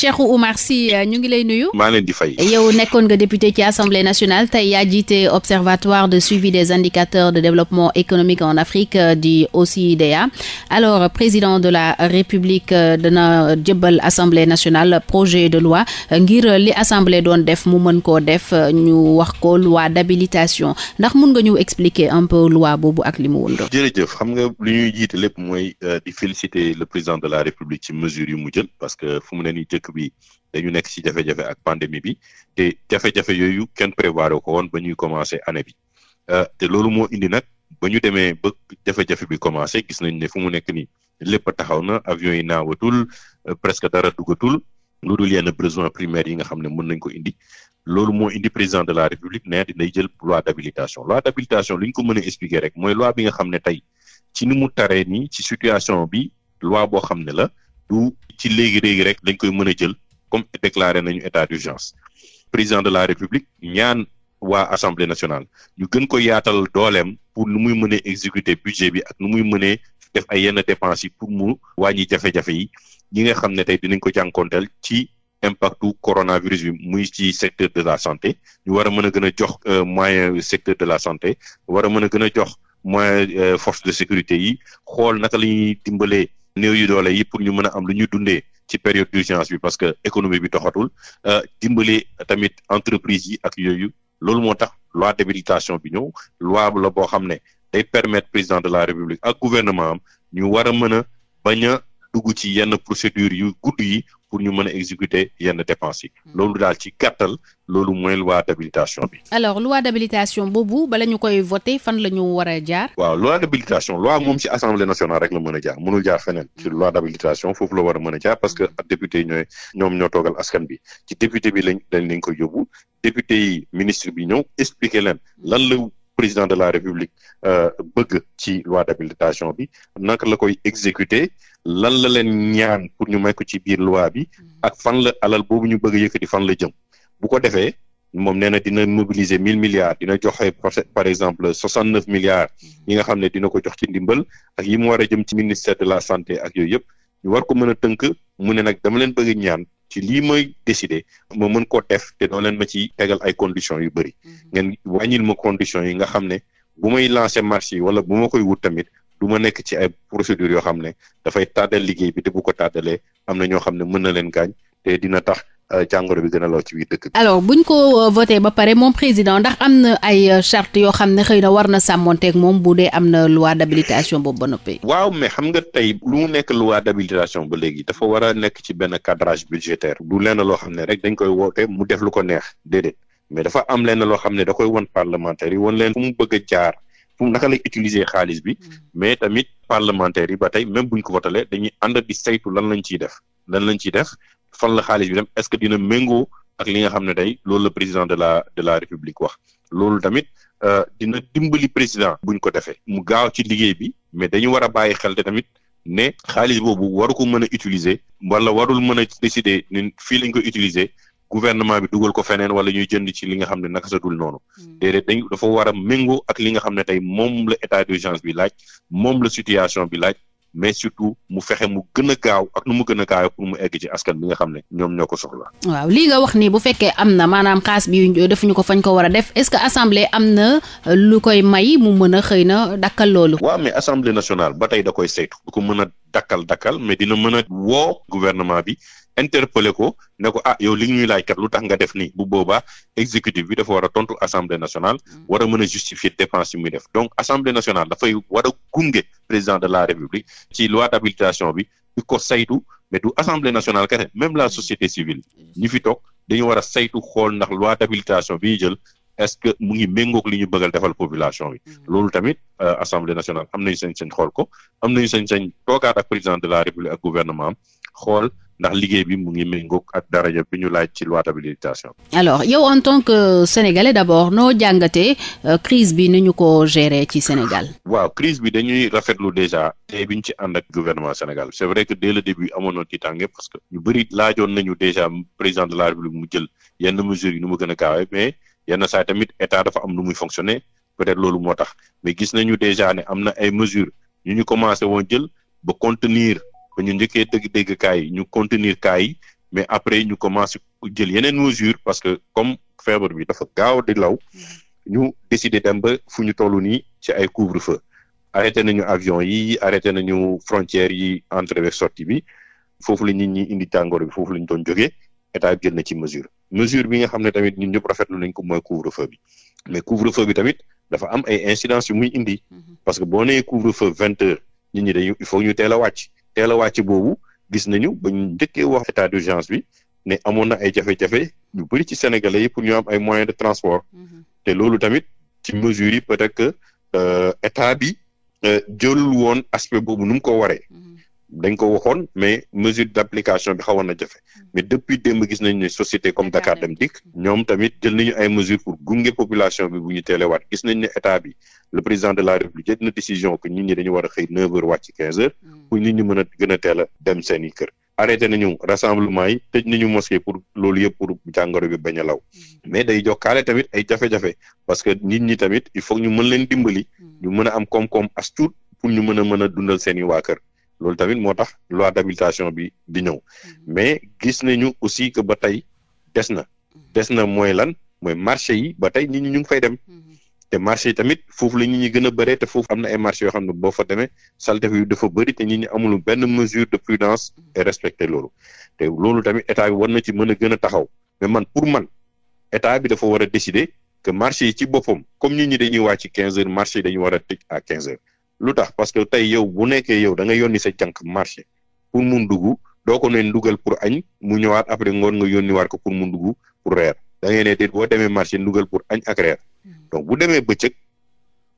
Cheikh Oumar Sy euh, ñu ngi lay nuyu. maa leen di fay. yow nekkoon nga député ci assemblée nationale tey yaa jiite observatoire de suivi des indicateurs de développement économique en Afrique euh, du OCDEA alors président de la République euh, dana jëbbal assemblée nationale projet de loi ngir li assemblée doon def mu mën koo def ñu wax ko loi d'habilitation ndax mun nga ñu expliquer un peu loi boobu ak li mu wëndoo. jërëjëf xam nga li ñuy jiite lépp mooy di féliciter le président de la République dëkk bi dañu nekk ci jafe-jafe ak pandémie bi te jafe-jafe yooyu kenn prévoir ko woon ba ñuy commencé année bi euh, te loolu moo indi nag ba ñu demee ba jafe-jafe bi commencé gis nañ ne fu mu nekk ni lépp a taxaw na avion yi naawatul euh, presque dara dugatul lu dul yenn besoin primaire yi nga xam ne mën nañ ko indi loolu moo indi président de la république ne dinay jël loi d'habilitation loi d'habilitation li ko mën a expliquer rek mooy loi bi nga xam ne tey du ci léegi léegi rek dañ koy mën a jël comme déclaré nañu état d'urgence président de la république ñaan waa assemblée nationale ñu gën ko yaatal dooleem pour nu muy mënee exécuter budget bi ak nu muy mënee def ay yenn dépenses yi pour mu wàññi jafe-jafe yi ñi nga xam ne tey dinañ ko jànkoonteel ci impactu coronavirus bi muy ci secteur de la santé ñu war a mën a gën a jox euh, moyen secteur de la santé war a mën a gën a jox moyen euh, force de sécurité yi xool naka la dimbalee néew yu doole yi pour ñu mën a am lu ñu dundee ci période d'urgence bi parce que économie bi doxatul euh, dimbali tamit entreprise yi ak yooyu loolu moo tax loi d'habilitation bi ñëw loi la boo xam ne day permettre président de la république ak gouvernement am ñu war a mën a bañ a dugg ci yenn procédure yu gudd yi pour ñu mën a exécuter yenn dépenses yi. Hmm. loolu daal ci gàttal loolu mooy loi d'habilitation bi. alors loi d'habilitation boobu bala ñu koy voter fan la ñu war a jaar. waaw loi d'habilitation loi moom hmm. ci assemblée nationale rek la mën a jaar mënul jaar feneen. ci hmm. loi d'habilitation foofu la war a mën a jaar parce que député yi ñoom ñoo toogal askan bi ci député bi lañ dañ lañ ko yóbbu député yi ministre bi ñëw expliqué leen lan la. président de la république euh, bëgg ci loi d'habilitation bi naka la koy exécuter lan la leen ñaan pour ñu may ko ci biir loi bi mm-hmm. ak fan la alal boobu ñu bëgg yëkkati fan la jëm bu ko defee moom nee na dina mobiliser mille milliards dina joxe par exemple soixante neuf milliards mm-hmm. yi nga xam ne dina ko jox ci ndimbal ak yi mu war a jëm ci ministère de la santé ak yooyu yëpp ñu war ko mën a tënk mu ne nag dama leen bëgg ñaan ci lii mooy décider ma mën koo def te doo leen ma ci tegal ay conditions yu bëri mm-hmm. ngeen wàññil ma conditions yi nga xam ne bu may lancer marché yi wala bu ma koy wut tamit du ma nekk ci ay procédure yoo xam ne dafay tardel liggéey bi te bu ko tardalee am na ñoo xam ne mën na leen gaañ te dina tax Euh, jàngoro bi gën a law ci wii dëkk bi. alors buñ ko euh, voté ba pare moom président ndax am na ay euh, charte yoo xam ne xëy na war na sàmmonteeg moom bu dee am na loi d'habilitation boobu ba noppi. waaw mais xam nga tey lu mu nekk loi d'habilitation ba léegi dafa war a nekk ci benn cadrage budgétaire du lenn loo xam ne rek dañ koy woote mu def lu ko neex déedéet mais dafa am lenn loo xam ne da koy won parlementaire yi won leen fu mu bëgg a jaar fu naka lay utiliser xaalis bi mm. mais tamit parlementaire yi ba tey même buñ ko votalee dañuy ànd saytu lan lañ ciy def lan lañ ciy def fan la xaalis bi dem est-ce que dina méngoo ak li nga xam ne tey loolu la président de la de la république wax loolu tamit euh, dina dimbali président buñ ko defee mu gaaw ci liggéey bi mais dañu war a bàyyi xel te tamit ne xaalis boobu waru ko mën a utiliser wala warul mën a décider ni fii lañ ko utiliser gouvernement bi dugal ko feneen wala ñuy jënd ci li nga xam ne naka sa noonu hmm. déedéet dañ dafa war a méngoo ak li nga xam ne tey moom la état d'urgence bi laaj moom la situation bi laaj mais surtout mu fexe mu gën a gaaw ak nu mu gën a gaaw pour mu egg ci askan bi nga xam ne ñoom ñoo ko soxla. waaw lii nga wax nii bu fekkee am na maanaam xaas bi defuñu ko fañ ko war a def est-ce que assemblée am na euh, lu koy may mu mën a xëy na dakkal loolu. waaw mais assemblée nationale ba tey da koy saytu. du ko mën a dakkal dakkal mais dina mën a woo gouvernement bi. interpellé ko ne ko ah yow li ñuy laaj kat lu tax nga def nii bu boobaa exécutif bi dafa war a tontu assemblée nationale. Mm. war a mën a justifier dépense yu muy def donc assemblée nationale dafay war a gunge président de la république ci loi d'habilitation bi di ko saytu mais du assemblée nationale kese même la société civile ñu fi toog dañu war a saytu xool ndax loi d'habilitation bi ñu jël. est-ce que mu ngi méngoog li ñu bëggal defal population bi mm. loolu tamit euh, assemblée nationale am nañu sañ-sañ xool ko am nañu sañ-sañ toogaat ak président de la république ak gouvernement am ndax liggéey bi mu ngi méngóog ak daraja bi ñu laaj ci loi d'habilitation alors yow en tant que sénégalais d'abord noo jàngatee euh, crise bi ni ñu ko gérer ci Sénégal. waaw crise bi dañuy rafetlu déjà tey bi ñu ci ànd ak gouvernement Sénégal c'est vrai que dès le début amoon na tiitaange parce que ñu bëri laajoon nañu déjà président de la République mu jël yenn mesures yi nu ma gën a gaawee mais yenn saa tamit état dafa am nu muy fonctionner peut-être loolu moo tax gis nañu déjà ne am na ay mesures ñu ñu commencé woon jël ba contenir. ba ñu njëkkee dëgg dégg cas yi ñu contenir cas yi mais après ñu commencé jël yeneen mesure parce que comme feebar bi dafa gaaw di law mm-hmm. ñu décider dem ba fu ñu toll nii ci ay couvre-feu arrêté nañu avion yi arrêté nañu frontières yi entrée ak sortie bi foofu la nit ñi indi tàngoor bi foofu la ñu doon jógee état jël na ci mesure mesure bi nga xam ne tamit ñun ñëpp rafetlu nañ ko mooy couvre-feu bi mais couvre-feu bi tamit dafa am ay incidences yu muy indi mm-hmm. parce que boo nee couvre-feu vingt nit ñi dañu il faut ñu teel a wàcc teel a wàcc boobu gis nañu ba ñu njëkkee wax état d'urgence bi ne amoon na ay jafe-jafe yu bëri ci sénégalais yi pour ñu am ay moyens de transport mhm. te loolu tamit ci mesure yi peut-être que euh, état bi euh, jëlul woon aspect boobu nu mu ko waree mhm. dañ ko waxoon mais mesure d' application bi xawoon na jafe hmm. mais depuis démb gis nañ ne société comme Dakar Dem Dikk hmm. ñoom tamit jël nañu ay mesures pour gunge population bi bu ñu teelewaat gis nañ ne état bi le président de la République jël na décision que nit ñi dañu war a xëy neuf heures wàcc quinze heures hmm. pour nit ñi mën a gën a teel a dem seen i kër arrêté nañu rassemblement yi tëj nañu mosquée pour loolu yëpp pour jàngoro bi bañ a law mais day jokkaale tamit ay jafe parce que nit ñi tamit il faut ñu mën leen dimbali ñu mën a am koom-koom as ñu mën a mën a dundal seen waa kër loolu tamit moo tax loi d'habilitation bi di ñow mhm. mais gis na ñu aussi que ba tey des na mhm. des na mooy lan mooy marché yi ba tey nit ñi ñu ngi fay dem mhm. te marché yi tamit foofu la nit ñi gën a bëree te foofu am na ay marché yoo xam ne boo fa demee salte yu dafa bëri te nit ñi amul benn mesure de prudence et respecter loolu te loolu tamit état bi war na ci mën a gën a taxaw mais man pour man état bi dafa war a décider que marché yi ci boppam comme nit ñi dañuy wàcc ci quinze heures marché yi dañu war a tëj à quinze lu tax parce que tey yow bu nekkee yow da nga yónni sa jànq marché pour mun dugg doo ko neen dugal pour añ mu ñëwaat après ngoon nga yónniwaat ko pour mun dugg pour reer da ngay ne déet boo demee marché dugal pour añ ak reer hmm. donc bu demee bëccëg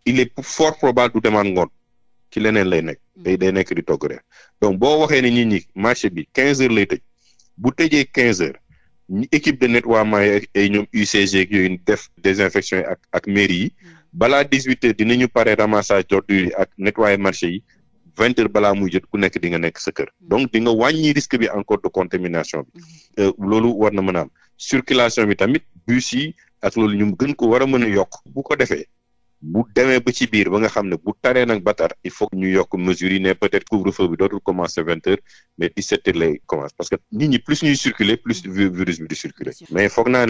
il est fort probable du demaat ngoon ci leneen lay nekk. Hmm. day day nekk di togg reer donc boo waxee ne nit ñi marché bi quinze heures lay tëj bu tëjee quinze heures ñu équipe de nettoiement yi ak ay ñoom UCG yooyu def désinfection yi ak ak mairie yi. Hmm. balaa dix huit heures dinañu pare ramassage d'ordures yi ak nettoyer marché yi vingt heures balaa muy jot ku nekk di nga nekk sa kër mm-hmm. donc di nga wàññi risque bi encore de contamination bi mm-hmm. euh, loolu war na mën a am circulation bi tamit bus yi ak loolu ñu gën ko war a mën a yokk bu ko defee bu demee ba ci biir ba nga xam ne bu taree nag ba il faut ñu yokk mesures yi ne peut-être couvre-feu bi dootul commencer vingt heures mais dix-sept lay commencer parce que nit ñi plus ñuy circuler plus mm-hmm. virus bi mais foog naa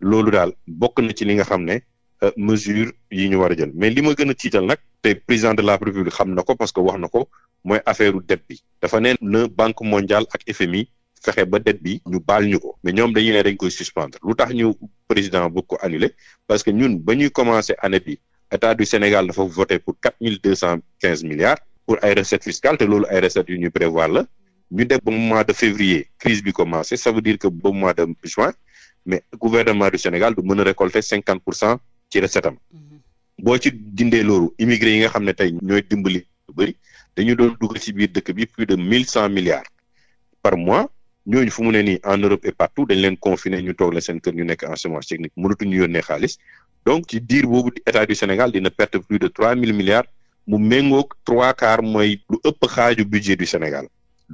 loolu daal bokk na ci li nga xam ne Euh, mesure yi ñu war a jël mais li ma gën a tiital nag te président de la république xam na ko parce que wax na ko mooy affaire dette bi dafa neen na banque mondiale ak FMI fexe ba dette bi ñu baal ñu ko mais ñoom dañu ne dañ koy suspendre lu tax ñu président bëgg ko annuler parce que ñun ba ñuy commencé année bi état du Sénégal dafa voté pour quatre mille deux cent quinze milliards pour ay recettes fiscales te loolu ay recettes yu ñu prévoir la ñu def ba mois de bi commencé ça veut mois de mais gouvernement du mën a récolter cinquante pour cent ci recette am boo ci dindee loolu immigré yi nga xam ne tey ñooy dimbali lu dañu doon dugal ci biir dëkk bi plus de mille cent milliards par mois ñooñu fu mu ne nii en Europe et partout dañ leen confiné ñu toog la seen kër ñu nekk en chômage technique mënatuñu yónnee xaalis donc ci diir boobu état du Sénégal dina perte plus de trois mille milliards mu méngoog trois quarts mooy lu ëpp xaaju budget du Sénégal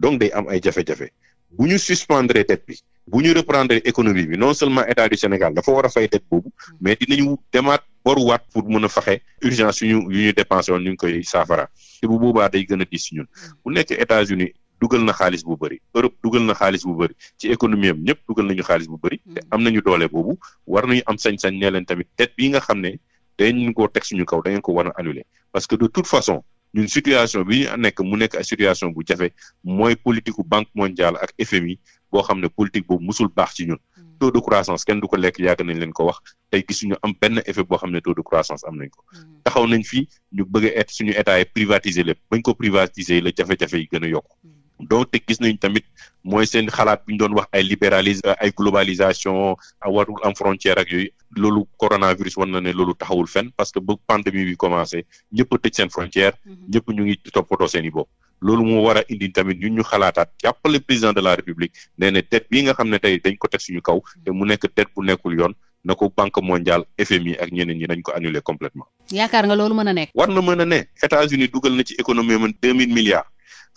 donc day am ay jafe-jafe bu ñu suspendre dette bi bu ñu reprendre économie bi non seulement état du Sénégal dafa war a fay dette boobu mais dinañu demaat boruwaat pour mën a faxe urgence yu ñu yu ñu ngi koy saafara te boobaa day gën a diis ñun bu nekk États-Unis dugal na xaalis bu bëri Europe dugal na xaalis bu bëri ci économie am ñëpp dugal nañu xaalis bu bëri te am nañu doole boobu war nañu am sañ-sañ ne leen tamit dette bi nga xam ne dañ ko teg suñu kaw dañ ko war a annuler parce que de toute façon ñun situation bi ñu nekk mu nekk situation bu jafe mooy politique banque mondiale ak FMI boo xam ne politique boobu musul baax ci ñun hmm. taux de croissance kenn du ko lekk yàgg nañ leen ko wax tey gisuñu am benn effet boo xam ne taux de croissance am nañ ko hmm. taxaw nañ fi ñu bëgg a suñu état privatiser lépp bañ ko privatiser la jafe-jafe yi gën a yokk hmm. donc te gis nañ tamit mooy seen xalaat bi ñu doon wax ay libéralisme ay globalisation warul am frontière ak yooyu loolu coronavirus war na ne loolu taxawul fenn parce que ba pandémie bi commencé ñëpp a tëj seen frontière ñëpp ñu ngi toppatoo seen bopp loolu moo war a indi tamit ñun ñu xalaataat jàppale président de la république nee na tête bii nga xam ne tey dañ ko teg suñu kaw te mu nekk tête bu nekkul yoon na ko banque mondiale FMI ak ñeneen ñi dañ ko annulé complètement yaakaar nga loolu mën a nekk. war na mën a ne États-Unis dugal na ci économie man deux mille milliards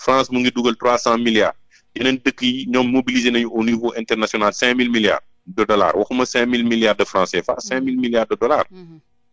France mu ngi dugal trois cent milliards yeneen dëkk yi ñoom mobilisé nañu au niveau international cinq mille milliards de dollars waxuma cinq mille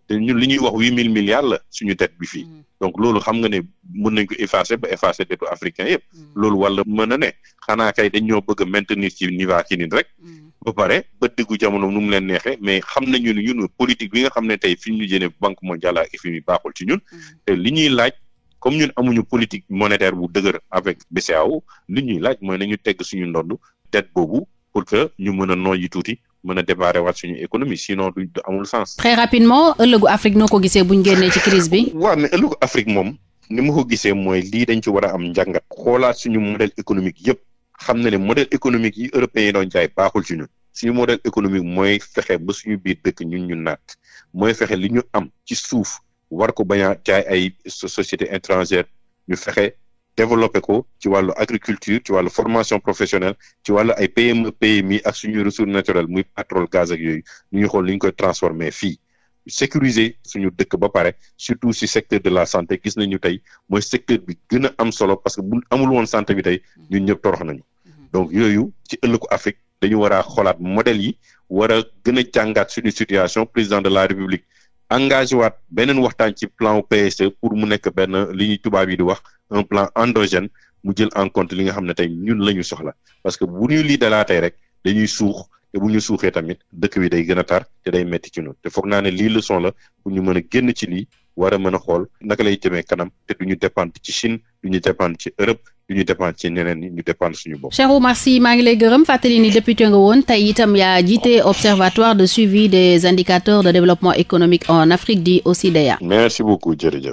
te ñun li ñuy wax huit mil milliards la suñu dette bi fii mm. donc loolu xam nga ne mën nañ ko effacer ba effacer dettu africain yëpp mm. loolu wala mën a ne xanaa kay dañ ñoo bëgg a maintenir ci niveau ci rek mm. ba pare ba diggu jamono nu mu leen neexee mais xam nañu ne ñun politique bi nga xam ne tey fi ñu jëne banque mondiale ak FMI baaxul ci ñun te li ñuy laaj comme ñun amuñu politique monétaire bu dëgër avec BCEAO li ñuy laaj mooy nañu tegg suñu ndodd dette boobu pour que ñu mën a nooyi tuuti mën a démarrer waat suñu économie sinon du amul sens. très rapidement ëllëgu Afrique noo ko gisee bu ñu génnee ci crise bi. waaw mais ëllëgu Afrique moom ni ma ko gisee mooy lii dañ ci war a am njàngat. xoolaat suñu modèle économique yëpp xam na ne modèle économique yi européens yi doon jaay baaxul ci ñun. suñu modèle économique mooy fexe ba suñu biir dëkk ñun ñu naat mooy fexe li ñu am ci suuf war ko bañ a jaay ay société étrangère ñu fexe. développé ko ci wàllu agriculture ci wàllu formation professionnelle ci wàllu ay PME PMI ak suñuy ressources naturelles muy pétrole gaz ak yooyu ñu ngi xool li ñu koy transformer fii sécuriser suñu dëkk ba pare surtout si secteur de la santé gis nañu tey mooy secteur bi gën am solo parce que bu amul woon santé bi tey ñun ñëpp torox nañu mm-hmm. donc yooyu ci ëllëgu Afrique dañu war a xoolaat modèle yi war a gën a jàngaat suñu situation président de la République engagé waat beneen waxtaan ci plan PSE pour mu nekk benn li ñuy tubaab yi di wax un plan endogène mu jël en compte li nga xam ne tey ñun la ñu soxla parce que bu ñu lii dalaatee rek dañuy suux te bu ñu suuxee tamit dëkk bi day gën a tar te day metti ci ñun te foog naa ne lii leçon la pour ñu mën a génn ci lii war a mën a xool naka lay jëmee kanam te du ñu dépendre ci Chine du ñu dépendre ci Europe du ñu dépendre ci ñeneen ñi ñu dépendre suñu bopp. Cheikh woon tey itam jiite observatoire de suivi des indicateurs de développement économique en Afrique di OCDEA. merci beaucoup jërëjëf.